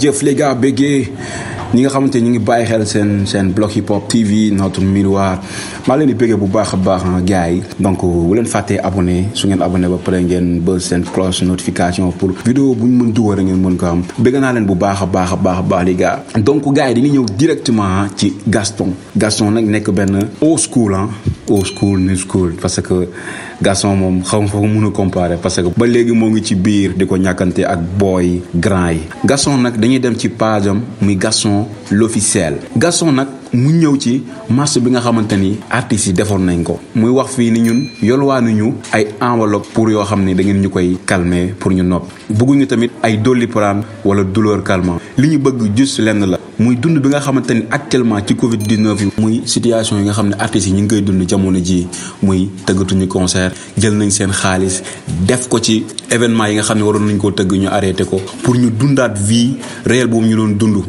jëf les gars béggee ñi nga xamante ñu ngi bàyyi xel seen seen blog hip hop TV notre miroir maa leen di bu baax a baax ah, gars yi donc wu leen fàttee abonné su ngeen abonné ba pare ngeen bës seen cloche notification pour vidéo bu ñu mën dugal ngeen mën ko am bégg naa leen bu baax a baax a baax a baax les gars donc gars yi dañuy ñëw directement ah, ci Gaston Gaston nag nekk benn old school ah old school new school parce que garçon moom xam fa ko mun a comparer parce que ba léegi moo ngi ci biir di ko ñàkkante ak booy grand yi garçon nag dañuy dem ci page muy garçon l'officiel garçon nag mu ñëw ci marche bi nga xamante ni artistes yi defoon nañ ko muy wax fii ni ñun ñu ay enveloppe pour yoo xam ne da ngeen ñu koy calmer pour ñu nopp bëgguñu tamit ay doliprane wala douleur calmant li ñu bëgg juste lenn la muy dund bi nga xamante ni actuellement ci Covid 19 yi. muy situation yi nga xam ne artistes yi ñu ngi koy dund jamono jii muy tëggatuñu concert jël nañ seen xaalis def ko ci événement yi nga xam ne waroon nañ koo tëgg ñu arrêté ko pour ñu dundaat vie réel boobu ñu doon dund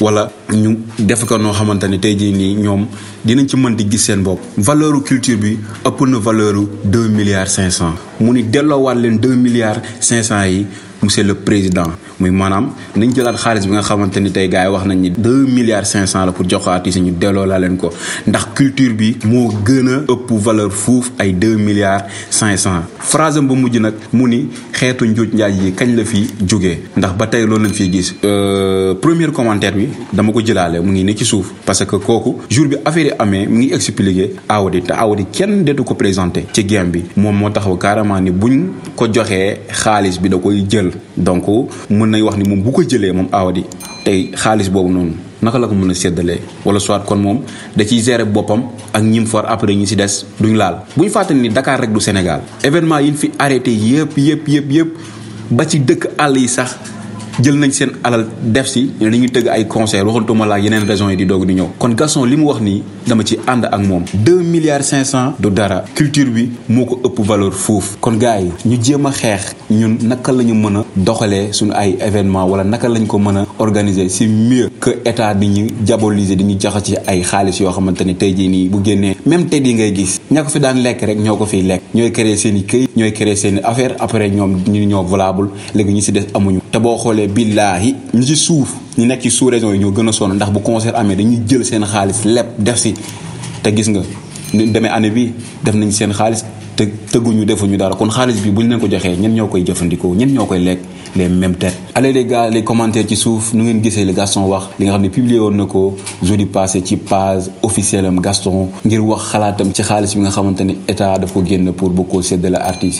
wala. ñu def ko noo xamante ne tey jii nii ñoom dinañ ci mën di gis seen bopp. valeur culture bi ëpp na valeur deux milliards cinq cent. mu ni delloowaat leen deux milliards cinq cent yi monsieur le président. muy maanaam nañ jëlaat xaalis bi nga xamante ni tey gars yi wax nañ ni deux milliards cinq cent la pour jox ko ñu delloo laa leen ko ndax culture bi moo gën a ëpp valeur fuuf ay deux milliards cinq cent. phrase bu mujj nag mu ni xeetu njuuj njaaj yi kañ la fi jógee ndax ba tey loolu lañ fiy gis. Euh, première commentaire bi dama ko jëlaale mu ngi ne ci suuf parce que kooku jour bi affaire amee mu ngi expliqué Awadi te Awadi kenn detu ko présenté ci game bi moom moo taxaw carrément ni buñ ko joxee xaalis bi da koy jël donc mën nañ wax ni moom bu ko jëlee moom Awadi tey xaalis boobu noonu naka la ko mën a séddalee wala soit kon moom da ciy gérer boppam ak ñim for après ñi si des duñ laal buñ fàttali ni Dakar rek du Sénégal événement yi ñu fi arrêté yëpp yëpp yëpp yëpp ba ci dëkk àll yi sax jël nañ seen alal def si ne dañuy tëgg ay concert waxantuma laa yeneen raisons yi di doog di ñëw kon Gaston li mu wax nii dama ci ànd ak moom deux milliards cinq cent du dara culture bi moo ko ëpp valeur foofu kon gars yi ñu jéem a xeex ñun naka la ñu mën a doxalee suñu ay événement wala naka lañ ko mën a organiser si mieux que état di ñu diaboliser di ñu jaxa ci ay xaalis yoo xamante ne tey jii nii bu génnee même tey di ngay gis ña ko fi daan lekk rek ñoo ko fiy lekk ñooy créer seen i këyit ñooy créer seen i affaire après ñoom ñu ñoo valable léegi ñu si des amuñu Eh, billahi ñi ci suuf ñi nekk ci sous région yi ndax bu concert dañuy jël seen def te gis nga année bi def nañ seen te dara bi ko ñen ñen les mêmes têtes allez les gars les commentaires ci souf nu ngeen gissé les garçons wax li nga xamné publié jeudi passé ci page am Gaston ngir wax xalaatam ci xaaliss bi nga état da ko pour bu de